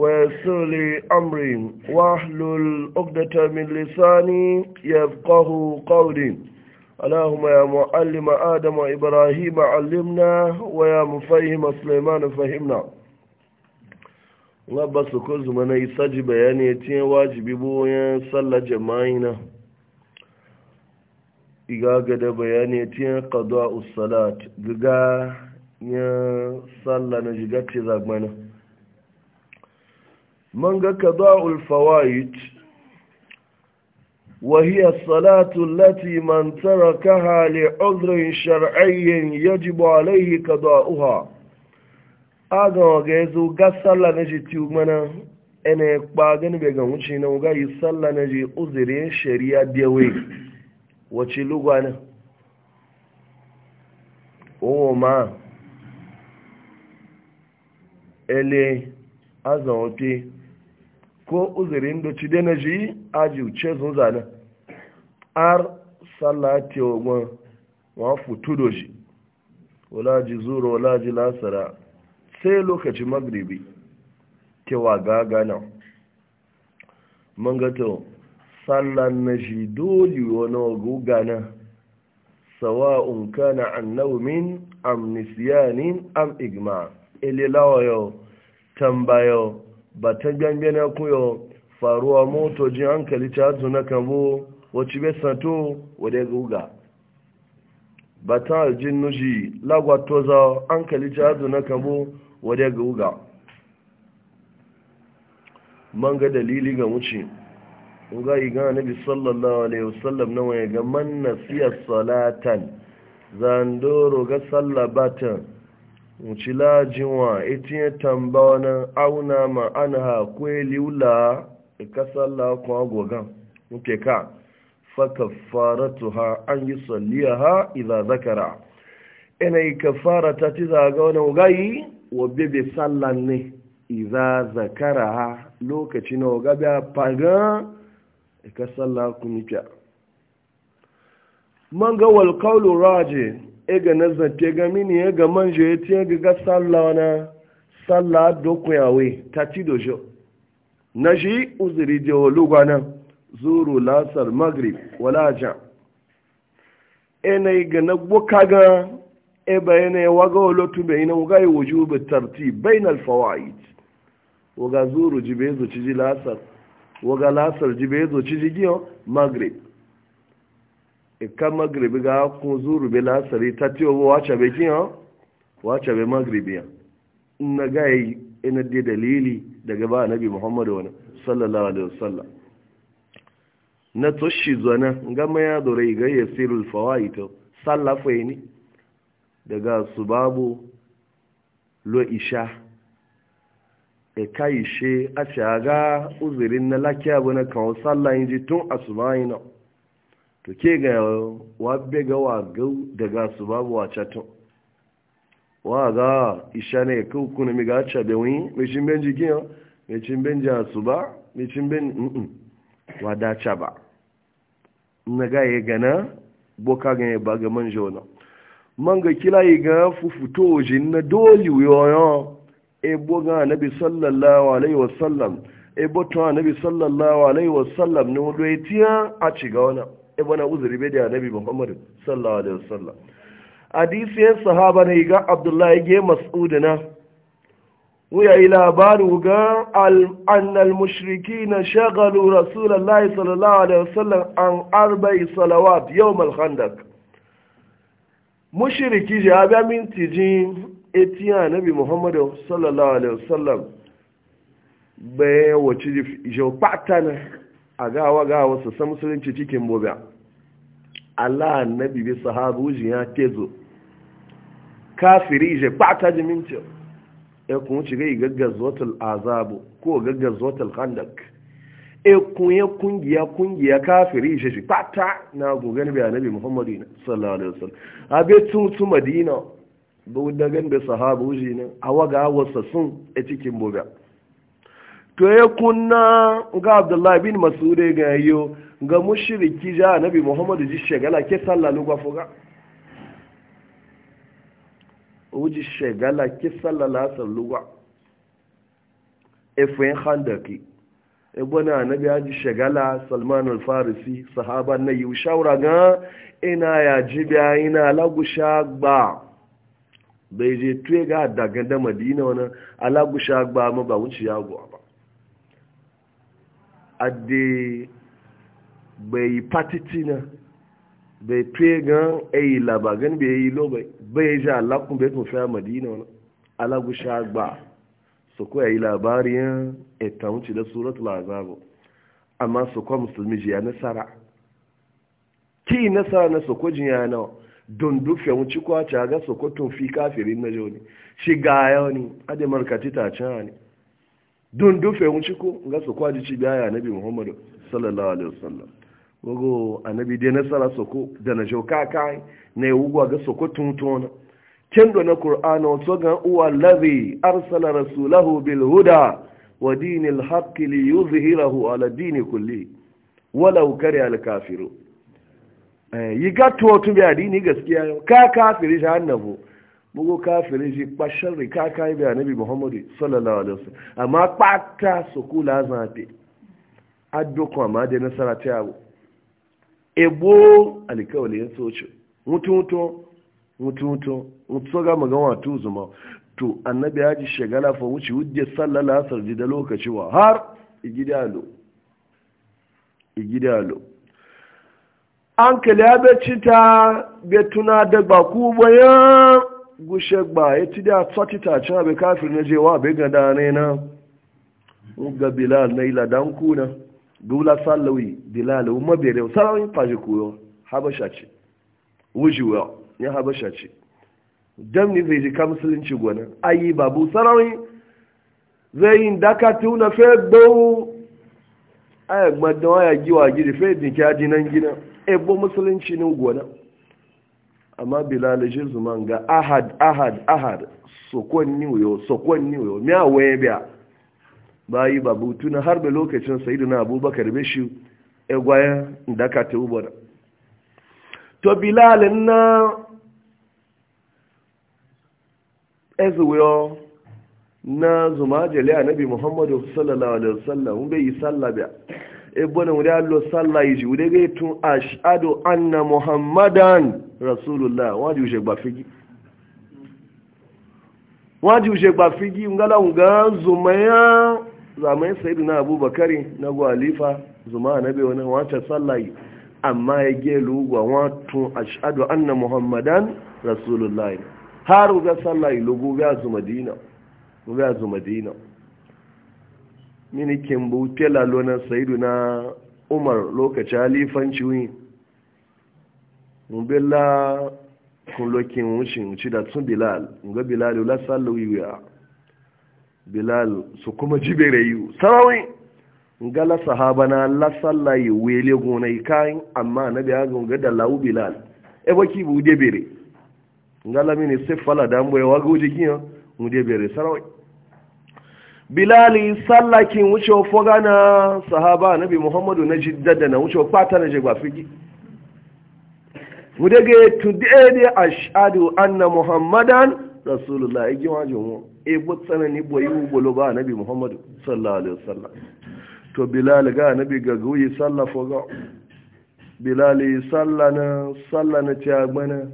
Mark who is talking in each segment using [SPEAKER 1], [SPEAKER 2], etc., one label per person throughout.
[SPEAKER 1] ويسر لي أمري واحلل عقدة من لساني يفقه قولي اللهم يا معلم آدم وإبراهيم علمنا ويا مفهم سليمان فهمنا labba su ko zuma na isa ji bayani ya tiye wajibi boyan sallar jama'ina igaga da bayani ya tiye kaduwa usalat giga ya sallar na jigar ce zagmana من قضاء الفوائد وهي الصلاة التي من تركها لعذر شرعي يجب عليه قضاؤها aga ga yazo ga sallah na ji tiyu mana ene kpa gani be ga wuce na ga yi sallah na ji shari'a biyawe wace lugwana azan ote ko uzurin da ci dena ji aji uce sun zane ar sallate ogun wa futu doji. shi wala ji wala ji lasara sai lokacin magribi kewa gaga man mangato sallan na shi dole wani gugana sawa'un kana an naumin am am igma ilelawa yau tambayo ba ta gangana kuyo faruwa moto jin hankali ta zuna kambo wacce bai santo wadda guga ba ta jin nuji lagwato za hankali ta zuna kambo wadda guga man ga dalili ga wuce ga iga nabi sallallahu alaihi wasallam na ya ga man nasiya salatan zandoro ga sallabatan mucila jinwa itin tambawa na auna ma an ha kweli wula a kasar lakon agogan nke ka fakafaratu ha an yi salliya ha iza zakara ina yi kafara ta ci zaga wani ugayi wa bebe sallan ne iza zakara ha lokaci na ugabi a faga da kasar lakon nika mangawal ga ega na zante ga mini ya ga manje ya ti ga ga sallah na sallah dokun yawe ta ci dojo na shi uzuri je lugwa na zuru lasar magrib wala ja ena ga na boka ga e bayana ya waga wala tumbe ina waga yi wujubu tarti bainal fawaid waga zuru jibe zo ci lasar waga lasar jibe zo ci giyo magrib ikan magribi ga kun zuru bi lasari ta tiyo ba wace be kin wace be magribi ya na ga yi ina da dalili daga ba nabi muhammadu wani sallallahu alaihi wasallam na shi zana ga ya dore ga yasirul fawaito sallafa ini daga subabu lo isha e kai she a ga uzirin na lakiya bana kan sallah yin ji tun asuba ina to ke ga wabbe ga wagau daga su babu wacatun wa ga isha ne kukuna mi ga cabe wani mai cimben jikin mai cimben ja su ba mi mai cimben da wadaca ba na ga ya gana boka ga ba ga man jona man ga kila yi ga fufuto oji na doli yoyon ebo ga nabi sallallahu alaihi wasallam ebo to nabi sallallahu alaihi wasallam ne wadda e ya tiya a ci ga wani ibana uzuri bai da nabi muhammadu sallallahu alaihi wasallam hadisiyar sahaba ne ga abdullahi ge na wuya yi labaru ga annal mushriki na shagalu rasulallah sallallahu alaihi wasallam an arba'i salawat yau malhandak mushriki ji abia minti ji etiya nabi muhammadu sallallahu alaihi wasallam bayan wacce ji jau patana a gawa gawa su san cikin bobiya Allah annabi bi sahabu ya tezo kafiri je ji jiminci e kun ci gai gaggazotul azabu ko gaggazotul khandak e kun ya kungiya kungiya kafiri je shi kwata na gogan bi annabi Muhammadu sallallahu alaihi wasallam abe tun tu Madina bu da gan bi sahabu jina awaga wasa sun a e cikin boga to ya kunna ga abdullahi bin masude ga yayo ga mushriki ja nabi muhammadu ji shagala ke sallalu ga o uji shagala ke sallala salluwa efen handaki ebona annabi ya ji shagala salman al-farisi sahaba na yi shawara ga ina ya ji biya ina lagusha gba bai je tuye ga daga da madina wani alagusha gba ma ba wuce ya gwa ba ade bai patitina bai tue gan eyi gan bai yi lo bai bai ja alakun bai kun a madina wani sha gba su kuwa yi labariyan ita ci da suratul azabu amma su kuwa musulmi jiya nasara ki nasara na ko ji ya na don dufe wuce a ga so ko tun fi kafirin na joni shi ga ya ne ade markati ta can ne dun dufe wuce ko ga su kwaji ci biya annabi muhammadu sallallahu alaihi wasallam wago annabi dai nasara soko da na joka kai ne wugwa ga soko tuntuna kendo na qur'ana wato ga uwa ladhi arsala rasulahu bil huda wa dinil haqq li yuzhirahu ala dini kulli walau kari al kafiru eh, yi ga to tun biya dini gaskiya ka kafiri jahannabo bugu kafirin shi kpashin rika kayi da nabi muhammadu sallallahu alaihi wasallam amma kpata su kula zafi addokwa ma da nasara ta yabo ebo alikawali ya soce mutu-mutu mutu-mutu mutu ga magawa wa tuzuma to annabi ya ji shagala fa wuce wujje sallallahu asar ji da lokaci wa har igidalo igidalo an kala ya cita bai tuna da baku bayan gushe ba ya ti da tsati ta cin abin kafin na jewa bai gada dane na ga bilal na iladan kuna dula sallawi bilal umma sarawin faji koyo habasha ce wujuwa ya habasha ce dam zai ji ka musulunci gwana ayi babu sarawin zai yi daka tuna fe gbowu a yagbadan waya giwa gidi fe dinki ajinan gina ebo musulunci ne gona amma bilal shi zuman ga ahad ahad ahad sokon niwuyo sokon niwuyo miya waye biya bayi babu tuna har da lokacin sayidina abubakar bishi egwayen da ka ta ubar to bilal na ezuwiyo na zuma jale nabi muhammadu sallallahu alaihi wasallam bai yi sallah ebona wuri allo sallah yi wuri ga tun ashadu anna muhammadan rasulullah wọ́n jí òṣè gbà fígi wọ́n jí òṣè gbà fígi ngala nga zumaya zamayin sayidu na abubakari na gwalifa zuma na bai wani wancan sallah yi amma ya gelu wa wọ́n ashadu anna muhammadan rasulullah har ga sallah yi lugu ga zumadina ga zumadina mini kimbu tela lona saidu na umar lokaci halifanci wi mubela kun lokin wucin wuci da tun bilal nga bilal la sallu wiya bilal su kuma jibere yu sarawi Nga la sahaba na la sallayi wele gonai kayan amma na biya ga da lawu bilal e baki bu debere la mini sefala dambo e wago jikin mu debere sarawi bilali sallakin wuce foga na sahaba nabi muhammadu na jiddada na wuce fata na jigba figi wudage tudede ashadu anna muhammadan rasulullah ya gima jimu e butsana ni boyi ugbolo ba nabi muhammadu sallallahu alaihi wasallam to bilal ga nabi bi guyi salla foga bilali sallana sallana ta gbana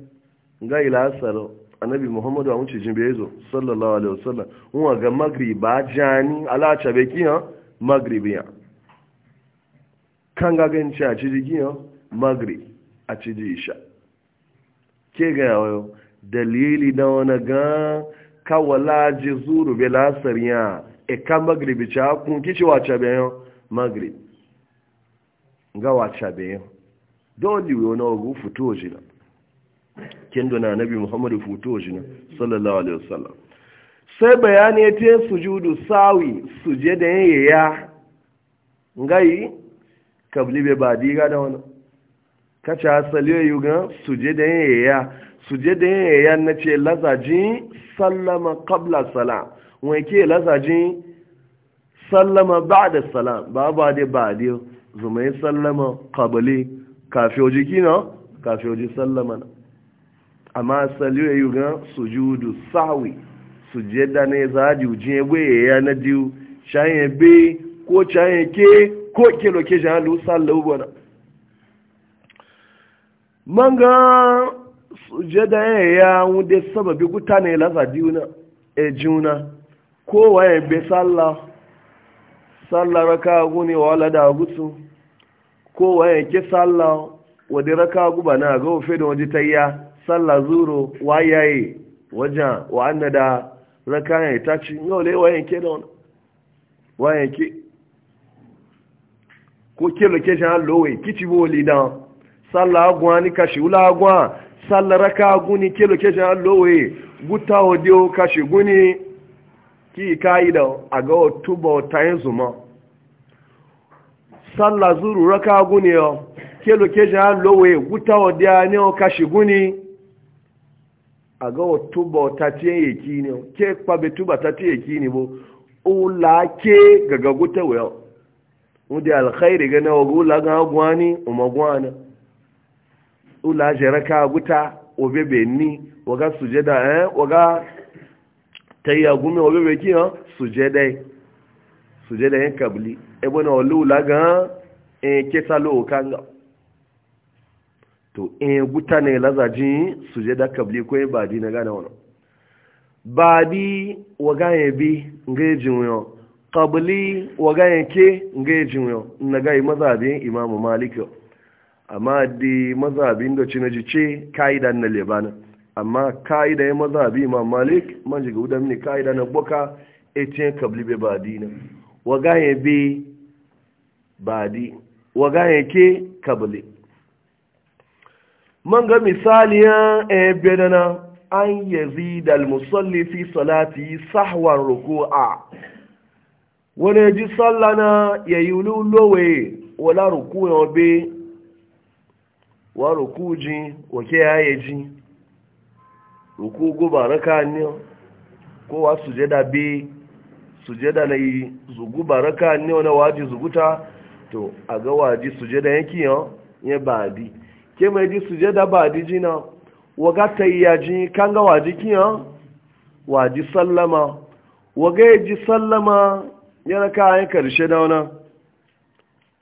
[SPEAKER 1] ga ila asaro annabi muhammadu a wuce jimbe zo sallallahu alaihi wasallam wa ga magriba jani ala chabe kiya magribiya kan ga gan cha ciji kiya magri a ci isha ke ga yawo dalili da wani ga kawala ji zuru be lasariya e kan magribi cha kun kici wa cha yo magri ga wa chabe yo dole wi ona ogu futo jila kendo na nabi muhammad futo shi na sallallahu alaihi wasallam sai bayani ya te sujudu sawi suje da yaya ya ngai kabli be ba diga da wani kacha asali ya yi gan suje da yaya ya suje da yaya ya na ce lazaji sallama qabla salam wai ke lazaji sallama ba'da da salam ba ba da ba da zuma sallama kafi kafin jiki na oji sallama na amma saliwa yi gan sujudu sawi sujeda ne za a ji ujin egbe ya na diu shayin be ko shayin ke ko ke loke shayin lu sallau bana man ga sujeda ya ya wude sababi kuta ne lasa diuna na e juna kowa ya be sallah sallah raka guni wa wala da gutsu kowa ya ke sallah wadda raka guba na ga ofe da waje tayya sallah zuro wayaye wajen wa'anda da rakayan ya taci yawon wayan ke da wani wayan ke ko ke location an lowe kici bo lidan sallah agwa ni kashi wula agwa sallah raka guni ke location an lowe guta odio kashi guni ki kayi da aga otuba otayin zuma sallah zuru raka guni o ke location an lowe guta odia ni o kashi guni Aga ga tuba ta ya yake ne ke kwabe tuba ta ce yake ne bo ula ke gaga guta wa wudi alkhairi ga nawa gula ga gwani umagwana ula jaraka guta obebe ni waga sujeda eh waga tayya gumi obebe ki ha eh, sujeda sujeda yan kabli e bona ula ga e eh, ke salo kanga to e guta ne lazaji su je da kabli ko ba badi na gane wani badi wa ganye bi nga yi jinwiyo kabli wa ganye ke nga yi jinwiyo na gayi mazabin imamu malikiyo amma di mazabin da ci na ji ce ka'ida na lebana amma ka'ida ya mazabi imam malik man jiga wudan ne ka'ida na boka etiyan kabli be badi na wa ganye bi badi wa ganye ke kabli man ga misaliyan ebe na an yazi dalmusalli fi salati sahwan ruku'a wani ji sallana ya yi lowe wala ruku na obe wa ruku ji wake yi ji ruku guba raka ne kowa da be da na yi zugu baraka ne wani waji zuguta to a ga waji da yanki yan ya ba di ke mai suje sujada ba di jina waga tayyaji kan ga waji kiya waji sallama waga ya ji sallama yana ka ayin karshe da wana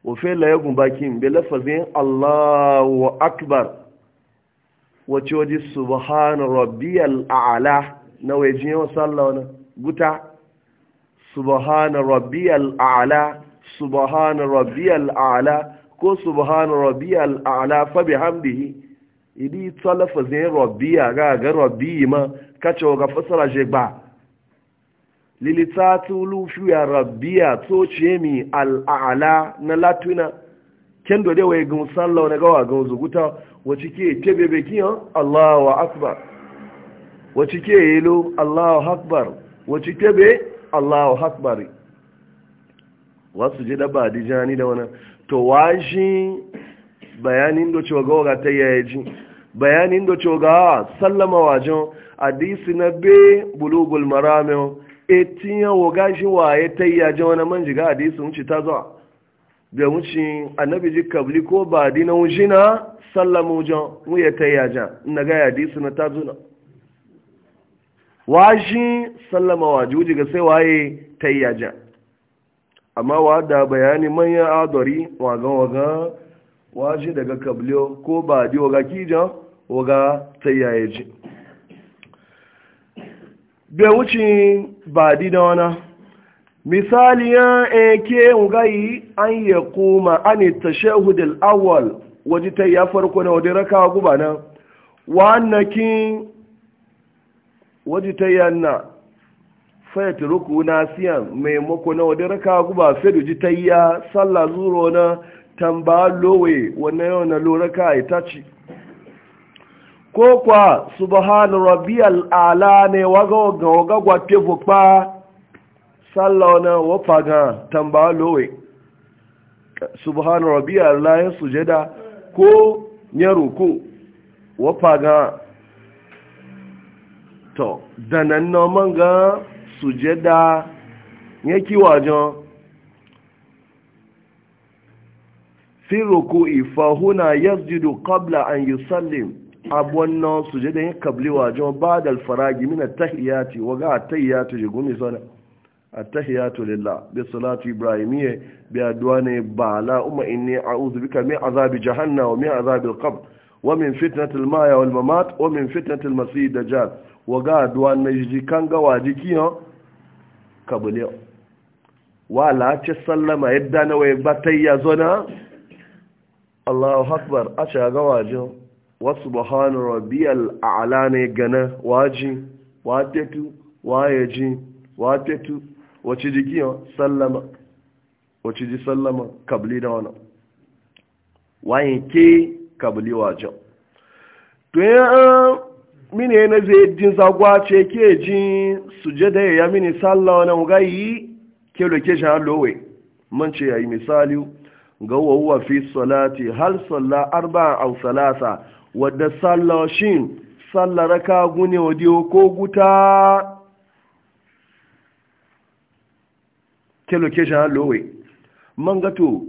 [SPEAKER 1] ofe la ya gumba kin bi lafazin Allahu akbar wace waje subhana Rabi'al a'la na waje yawan sallama na. guta subhana Rabi'al a'la subhana rabbi a'la ko subhan rabbiyal a'la fa bihamdihi idi talafa zai a ga ga rabbi ma kace ga fasara je ba lilitatu lushu ya rabbiya to ce mi al'ala na latuna ken do de wai gun sallah na gawa gun zuguta wace ke tebe bekin Allahu akbar wace ke yelo Allahu akbar wace tebe Allahu akbar wasu je da ba jani da wannan to waji bayanin da cewa ga wata yaji bayanin da cewa ga sallama wajen hadisi na be bulugul marami etinya waga shi waye tayyaje wani manjiga hadisi mun ci ta zuwa da wuce annabi ji kabli ko ba dina wujina sallamu jan mu ya ta yaja na ga hadisi na ta zuna washi sallama waje wuce ga sai waye ta yaja amma wa da bayani manyan adori wagan-wagan waje daga kabliyo ko ba di waga kijan waga tsayaye ji bai wuce ba di da wana ya ake ngayi an yi kuma an ta shahudul awal waje ta ya farko na wajen raka guba nan wa'annakin waje ta yanna fayyace ruku na siyan maimako na wadda raka guba fedu ji ta iya sallah zuro na tamba lowe wannan yau na loraka ya taci ko kwa subhanu rabbi ala ne waga ga waga gwate fukpa sallah na wafaga tamba lowe subhanu rabbi ala ya sujada ko ya ruku wafaga to danan noman ga sujada ya kiwajen fi ruku'i fahuna yasjudu qabla an yi yusallim abwanna sujada ya kabli wajen ba'da al-faragi min at-tahiyati wa ga at-tahiyatu jigumi sana at-tahiyatu lillah bi ibrahim, ibrahimiyya bi adwana ba'la umma inni a'udhu bika min azabi jahanna, wa min azabi al-qabr ومن فتنة المايا والممات ومن فتنة المسيح الدجال وقاد ونجي كان واجيكي قبل ولا تسلم يدنا ويبتي يزونا الله أكبر أشياء واجه وسبحان ربي الأعلان نجنا واجي واتتو وايجي واتتو وتجيكي سلم وتجي سلم قبل دونا وين كي kabili wajen to ya mini yana zai jin zagwa ce ke jin sujada ya mini sallah na gayi ke loke shi har lowe man ce ya yi misali ga wawuwa fi salati hal salla arba a salasa wadda sallah shin sallah raka gune wadi ko guta ke loke shi har lowe man gato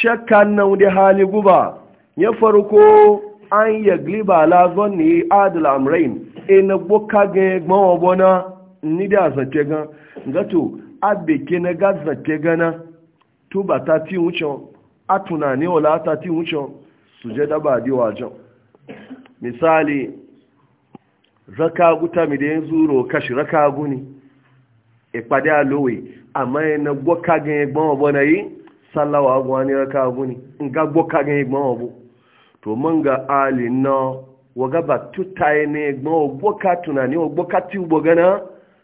[SPEAKER 1] shakkan nan da hali guba ya farko an ya gliba la zonni adil amrain ina boka ga gbawa bona ni da zace ga gato abe ke na ga zace ga na tuba ta ti wucin a tunani wala ta ti wucin su je da ba di wajen misali raka guta mi da yanzu ro kashi raka guni ìpàdé àlówè àmọ́ ẹna gbọ́kagin ẹgbọ́n ọ̀bọ̀ náà yìí sálàwà agbọ́n ní raka guni nga gbọ́kagin ẹgbọ́n ọ̀bọ̀ to mun ali na waga ba tutaye ne gbọ́n ogboka tunani ogboka ti ugbo gana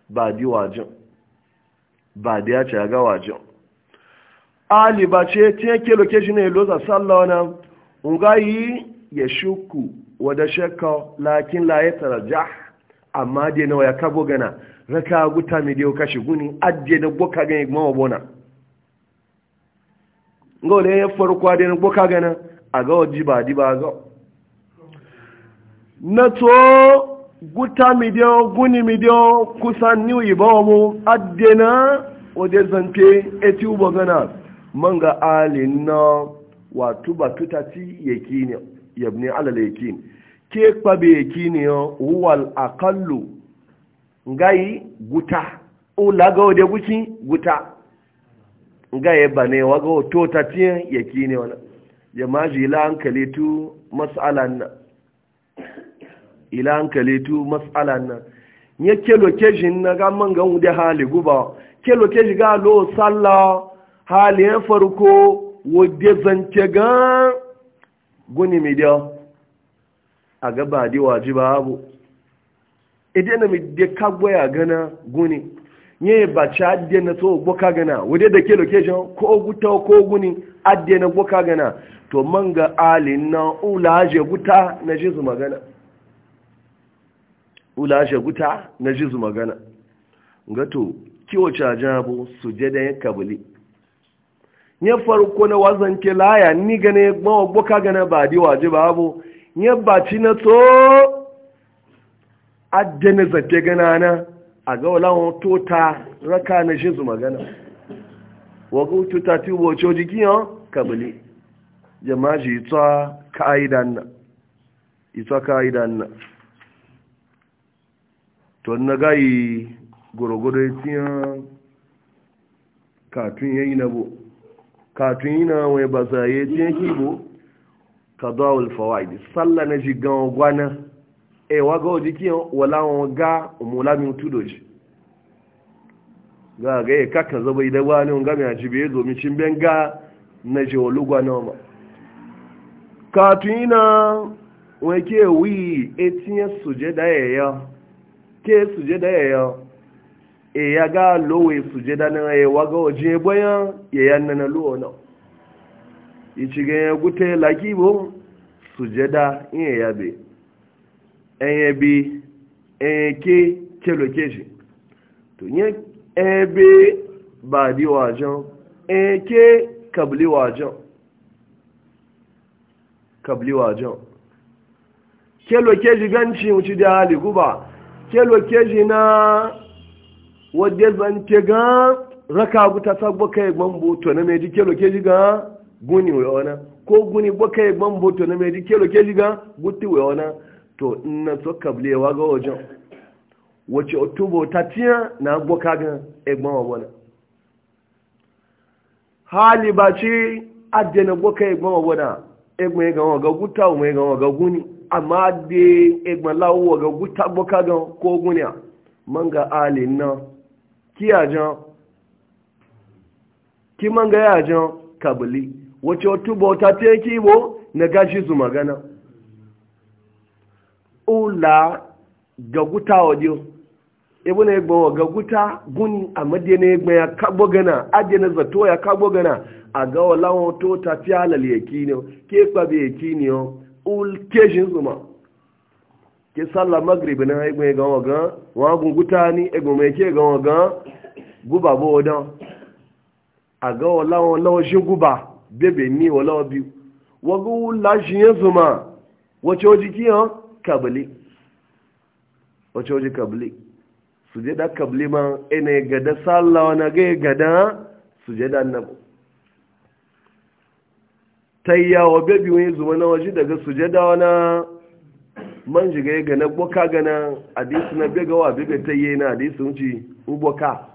[SPEAKER 1] ba di wajen ba di ya ce ga wajen ali ba ce tiye ke lokeji ne loza sallawa na nga yi ya shuku wada shakka lakin la ya tarajah amma dai nawa ya kabo gana raka guta mai dai kashi guni adje da boka gani gbọ́n obona ngole ya farko adai na gana a ga waji ba di ba ga na to guta midiyo guni midiyo kusan ni yi ba mu addena waje zante eti ubo gana manga ali na watu batuta ti yakini yabni alal yakini ke kwabe yakini huwal aqallu ngai guta o laga waje guci guta ngai e bane waga to tatin yakini wannan ya maji ila tu mas'alan na ila hankali tu mas'alan nan ya ke keji na ga man ga wude hali guba ke keji ga lo salla hali ya farko wadde zance ga guni mi da a gaba di wajiba abu idan mi de kagwaya gana guni nye ci adiye na so gboka gana wadda da ke location ko guta ko guni adiye na gboka gana to manga alin na ulaje guta na jizu magana ulaje guta na jizu magana ngato kiwo cajabu suje da ya kabuli nye farko na wazan ke laya ni gane mawa gboka gana ba di waje ba abu nye baci na so adiye na zate gana na a ga walawan tota raka na shi su magana wago tuta ti wocho jiki yan kabili jama'a shi ita ka'idan na ita ka'idan na to na gayi gorogodo tiyan katun yayi na bo katun yi na wani ba ya yi tiyan kibo kadawul fawaidi sallah na shi gan gwana ewa ga ki? wala wọn ga umulami tudoji ga ga ya e, kaka zaba idan wani ga mai ajibe e ya zo micin ben ga na je olugwa na ma katuna wake wi etinye suje da yaya e ke suje da yaya e ya ga lowe suje da na ewa ga oje boyan yayan na na luwa na ichi ga ya gute lakibo suje da in ya be eyebi eke chelo keji to nye ebe badi wajen eke kabli wajen kabli wajen kelo keji ganci wuce da hali guba kelo keji na wadda zance ga raka guta sagbo kai gbambo to na meji kelo keji ga guni wa ko guni bo kai gbambo to na meji kelo keji ga guti wa to ina to kablewa ga wajen wace otubo ta tiya na agboka ga egbon wabona hali ba ce adena gboka egbon wabona egbon ya gawa ga guta o mai gawa ga guni amma de egbon lawo ga guta gboka gan ko guni man manga ali na kiyajan ki man ga yajan kabili wace otubo ta tiya kibo na gashi su magana ula ga guta waje ibu na igbo ga guta guni a madina ya kagbo gana adina zato ya kagbo gana a ga wala wato tafiya halal yaki ne ke kwabe yaki ne ul zuma ke salla magrib na igbo ya gawa ga wagun guta ni igbo mai ke gawa guba bo wadan a ga shi guba bebe ni wala biyu wagu la shi ya zuma wace kabli wace waje kabli da kabli ma ina da sallah na ga da je da annabu tayya wa bebi wani zuwa na waje daga da wani man shiga ya gana boka gana hadisi na bega wa bebe tayye na hadisi wuce uboka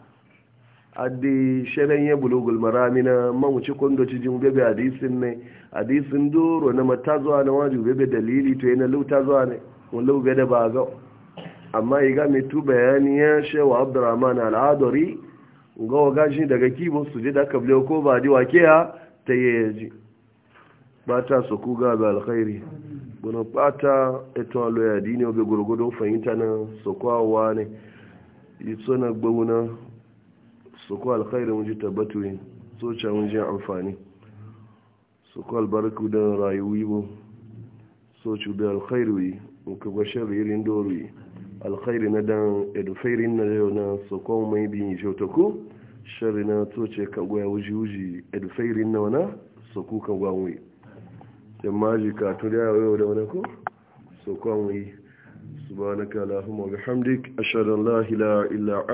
[SPEAKER 1] adi shanen ya bulugul marami na mawuci kwando ci jin bebe hadisin ne hadisin doro na mata zuwa na waju bebe dalili to yana lauta zuwa ne wani laube da ba ga amma yi ga tu bayani ya shewa abdurrahman al'adari ga wa shi daga kibo su je da aka biyo ko ba di wake ya ta yi yaji ba ta su ku ga ga alkhairi bana bata eto aloya dini obe gurgudun fahimta na sokwawa ne yi tsona gbauna su ku alkhairi mun ji tabbatu yin soca mun ji amfani su ku albarku da rayuwi bu soci da alkhairi mun ka gwashe ririn dori alkhairi na dan edufairin na yau na su ku mai bin shautaku shari na soce kan goya wuji-wuji edufairin na wana su ku kan gwanwe yamma ji ka turi a yau da wani mai su ba subhanaka allahumma bihamdik ashhadu an la ilaha illa anta